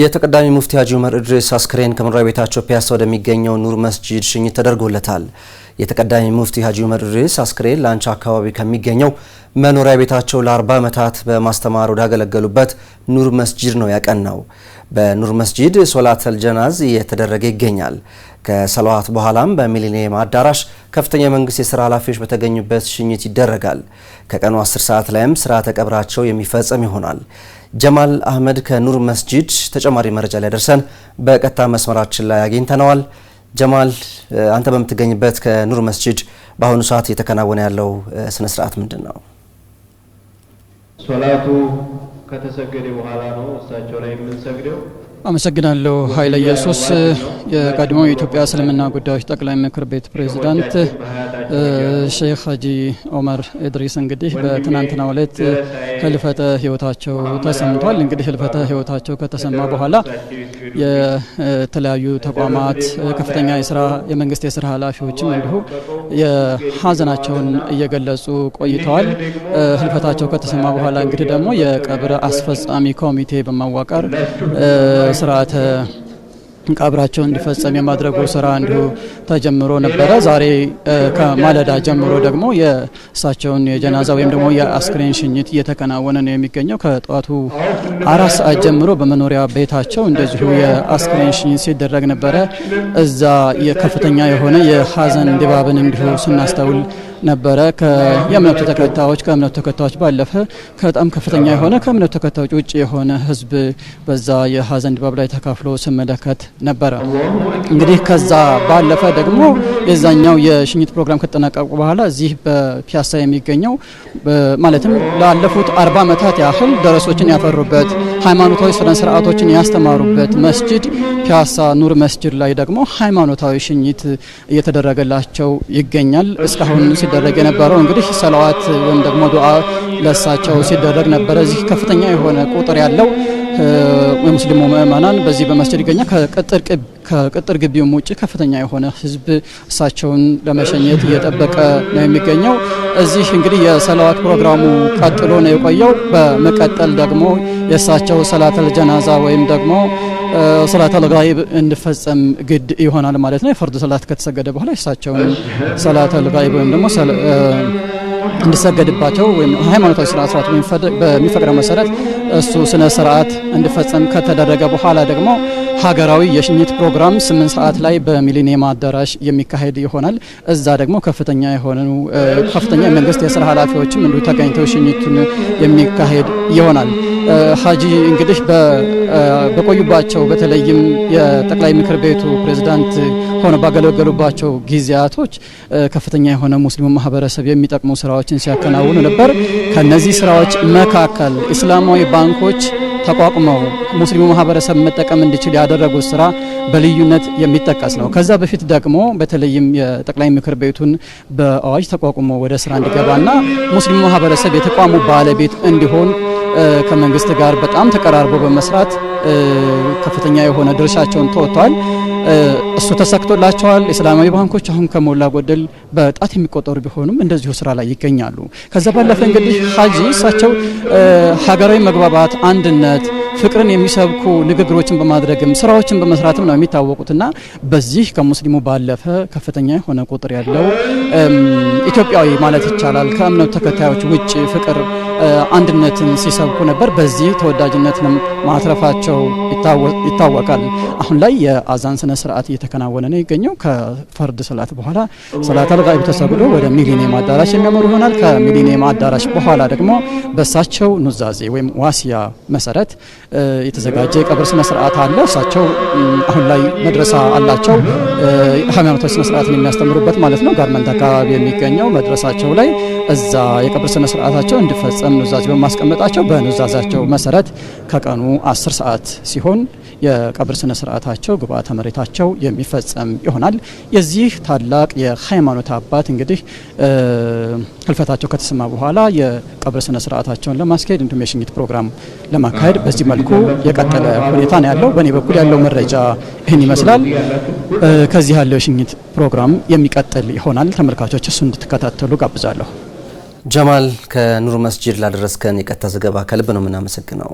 የተቀዳሚ ሙፍቲ ሀጂ ዑመር እድሪስ አስክሬን ከመኖሪያ ቤታቸው ፒያሳ ወደሚገኘው ኑር መስጂድ ሽኝት ተደርጎለታል። የተቀዳሚ ሙፍቲ ሀጂ ዑመር እድሪስ አስክሬን ላንቻ አካባቢ ከሚገኘው መኖሪያ ቤታቸው ለ40 ዓመታት በማስተማር ወዳገለገሉበት ኑር መስጂድ ነው ያቀናው። በኑር መስጂድ ሶላተል ጀናዝ እየተደረገ ይገኛል። ከሰለዋት በኋላም በሚሊኒየም አዳራሽ ከፍተኛ የመንግስት የስራ ኃላፊዎች በተገኙበት ሽኝት ይደረጋል። ከቀኑ 10 ሰዓት ላይም ስርዓተ ቀብራቸው የሚፈጸም ይሆናል። ጀማል አህመድ ከኑር መስጂድ ተጨማሪ መረጃ ላይ ደርሰን በቀጥታ መስመራችን ላይ አግኝተነዋል። ጀማል፣ አንተ በምትገኝበት ከኑር መስጂድ በአሁኑ ሰዓት እየተከናወነ ያለው ስነ ስርዓት ምንድን ነው? ሶላቱ ከተሰገደ በኋላ ነው እሳቸው ላይ የምንሰግደው። አመሰግናለሁ ኃይለ ኢየሱስ። የቀድሞ የኢትዮጵያ እስልምና ጉዳዮች ጠቅላይ ምክር ቤት ፕሬዚዳንት ሼክ ሀጂ ኦመር ኢድሪስ እንግዲህ በትናንትናው ዕለት ህልፈተ ህይወታቸው ተሰምቷል። እንግዲህ ህልፈተ ህይወታቸው ከተሰማ በኋላ የተለያዩ ተቋማት ከፍተኛ የስራ የመንግስት የስራ ኃላፊዎችም እንዲሁ የሀዘናቸውን እየገለጹ ቆይተዋል። ህልፈታቸው ከተሰማ በኋላ እንግዲህ ደግሞ የቀብር አስፈጻሚ ኮሚቴ በማዋቀር ስርዓተ ቀብራቸውን እንዲፈጸም የማድረጉ ስራ እንዲሁ ተጀምሮ ነበረ። ዛሬ ከማለዳ ጀምሮ ደግሞ የእሳቸውን የጀናዛ ወይም ደግሞ የአስክሬን ሽኝት እየተከናወነ ነው የሚገኘው። ከጠዋቱ አራት ሰዓት ጀምሮ በመኖሪያ ቤታቸው እንደዚሁ የአስክሬን ሽኝት ሲደረግ ነበረ። እዛ ከፍተኛ የሆነ የሀዘን ድባብን እንዲሁ ስናስተውል ነበረ። የእምነቱ ተከታዮች ከእምነቱ ተከታዮች ባለፈ በጣም ከፍተኛ የሆነ ከእምነቱ ተከታዮች ውጭ የሆነ ህዝብ በዛ የሀዘን ድባብ ላይ ተካፍሎ ስመለከት ነበረ። እንግዲህ ከዛ ባለፈ ደግሞ የዛኛው የሽኝት ፕሮግራም ከተጠናቀቁ በኋላ እዚህ በፒያሳ የሚገኘው ማለትም ላለፉት አርባ ዓመታት ያህል ደረሶችን ያፈሩበት ሃይማኖታዊ ስነ ስርዓቶችን ያስተማሩበት መስጅድ ፒያሳ ኑር መስጅድ ላይ ደግሞ ሃይማኖታዊ ሽኝት እየተደረገላቸው ይገኛል እስካሁን ሲደረግ የነበረው እንግዲህ ሰለዋት ወይም ደግሞ ዱዓ ለሳቸው ሲደረግ ነበረ። እዚህ ከፍተኛ የሆነ ቁጥር ያለው የሙስሊሙ ምእመናን በዚህ በመስጅድ ይገኛል። ከቅጥር ግቢውም ውጭ ከፍተኛ የሆነ ህዝብ እሳቸውን ለመሸኘት እየጠበቀ ነው የሚገኘው። እዚህ እንግዲህ የሰላዋት ፕሮግራሙ ቀጥሎ ነው የቆየው። በመቀጠል ደግሞ የእሳቸው ሰላተል ጀናዛ ወይም ደግሞ ሰላተል ጋይብ እንዲፈጸም ግድ ይሆናል ማለት ነው። የፈርድ ሰላት ከተሰገደ በኋላ የእሳቸውን ሰላተል ጋይብ ወይም ደግሞ እንዲሰገድባቸው ወይም ሃይማኖታዊ ስነ ስርዓቱ በሚፈቅደው መሰረት እሱ ስነ ስርዓት እንዲፈጸም ከተደረገ በኋላ ደግሞ ሀገራዊ የሽኝት ፕሮግራም ስምንት ሰዓት ላይ በሚሊኒየም አዳራሽ የሚካሄድ ይሆናል። እዛ ደግሞ ከፍተኛ የሆኑ ከፍተኛ የመንግስት የስራ ኃላፊዎችም እንዲሁ ተገኝተው ሽኝቱን የሚካሄድ ይሆናል። ሀጂ እንግዲህ በቆዩባቸው በተለይም የጠቅላይ ምክር ቤቱ ፕሬዝዳንት ሆነው ባገለገሉባቸው ጊዜያቶች ከፍተኛ የሆነ ሙስሊሙ ማህበረሰብ የሚጠቅሙ ስራዎችን ሲያከናውኑ ነበር። ከነዚህ ስራዎች መካከል እስላማዊ ባንኮች ተቋቁመው ሙስሊሙ ማህበረሰብ መጠቀም እንዲችል ያደረጉት ስራ በልዩነት የሚጠቀስ ነው። ከዛ በፊት ደግሞ በተለይም የጠቅላይ ምክር ቤቱን በአዋጅ ተቋቁሞ ወደ ስራ እንዲገባና ሙስሊሙ ማህበረሰብ የተቋሙ ባለቤት እንዲሆን ከመንግስት ጋር በጣም ተቀራርቦ በመስራት ከፍተኛ የሆነ ድርሻቸውን ተወጥተዋል። እሱ ተሳክቶላቸዋል። እስላማዊ ባንኮች አሁን ከሞላ ጎደል በጣት የሚቆጠሩ ቢሆኑም እንደዚሁ ስራ ላይ ይገኛሉ። ከዛ ባለፈ እንግዲህ ሀጂ እሳቸው ሀገራዊ መግባባት፣ አንድነት፣ ፍቅርን የሚሰብኩ ንግግሮችን በማድረግም ስራዎችን በመስራትም ነው የሚታወቁትና በዚህ ከሙስሊሙ ባለፈ ከፍተኛ የሆነ ቁጥር ያለው ኢትዮጵያዊ ማለት ይቻላል ከእምነቱ ተከታዮች ውጭ ፍቅር አንድነትን ሲሰብኩ ነበር። በዚህ ተወዳጅነትንም ማትረፋቸው ይታወቃል። አሁን ላይ የአዛን ስነ ስርዓት እየተከናወነ ነው የሚገኘው። ከፈርድ ሰላት በኋላ ሰላት አልጋኢብ ተሰግዶ ወደ ሚሊኒየም አዳራሽ የሚያመሩ ይሆናል። ከሚሊኒየም አዳራሽ በኋላ ደግሞ በእሳቸው ኑዛዜ ወይም ዋሲያ መሰረት የተዘጋጀ የቀብር ስነ ስርዓት አለ። እሳቸው አሁን ላይ መድረሳ አላቸው። ሃይማኖታዊ ስነ ስርዓትን የሚያስተምሩበት ማለት ነው። ጋርመንት አካባቢ የሚገኘው መድረሳቸው ላይ እዛ የቀብር ስነ ስርዓታቸው እንዲፈጸም ቀን ኑዛዜ በማስቀመጣቸው በኑዛዛቸው መሰረት ከቀኑ 10 ሰዓት ሲሆን የቀብር ስነ ስርዓታቸው ግብአተ መሬታቸው የሚፈጸም ይሆናል። የዚህ ታላቅ የሃይማኖት አባት እንግዲህ ህልፈታቸው ከተሰማ በኋላ የቀብር ስነ ስርዓታቸውን ለማስካሄድ እንዲሁም የሽኝት ፕሮግራም ለማካሄድ በዚህ መልኩ የቀጠለ ሁኔታ ነው ያለው። በእኔ በኩል ያለው መረጃ ይህን ይመስላል። ከዚህ ያለው የሽኝት ፕሮግራም የሚቀጥል ይሆናል። ተመልካቾች እሱ እንድትከታተሉ ጋብዛለሁ። ጀማል ከኑር መስጂድ ላደረስከን የቀጥታ ዘገባ ከልብ ነው የምናመሰግነው።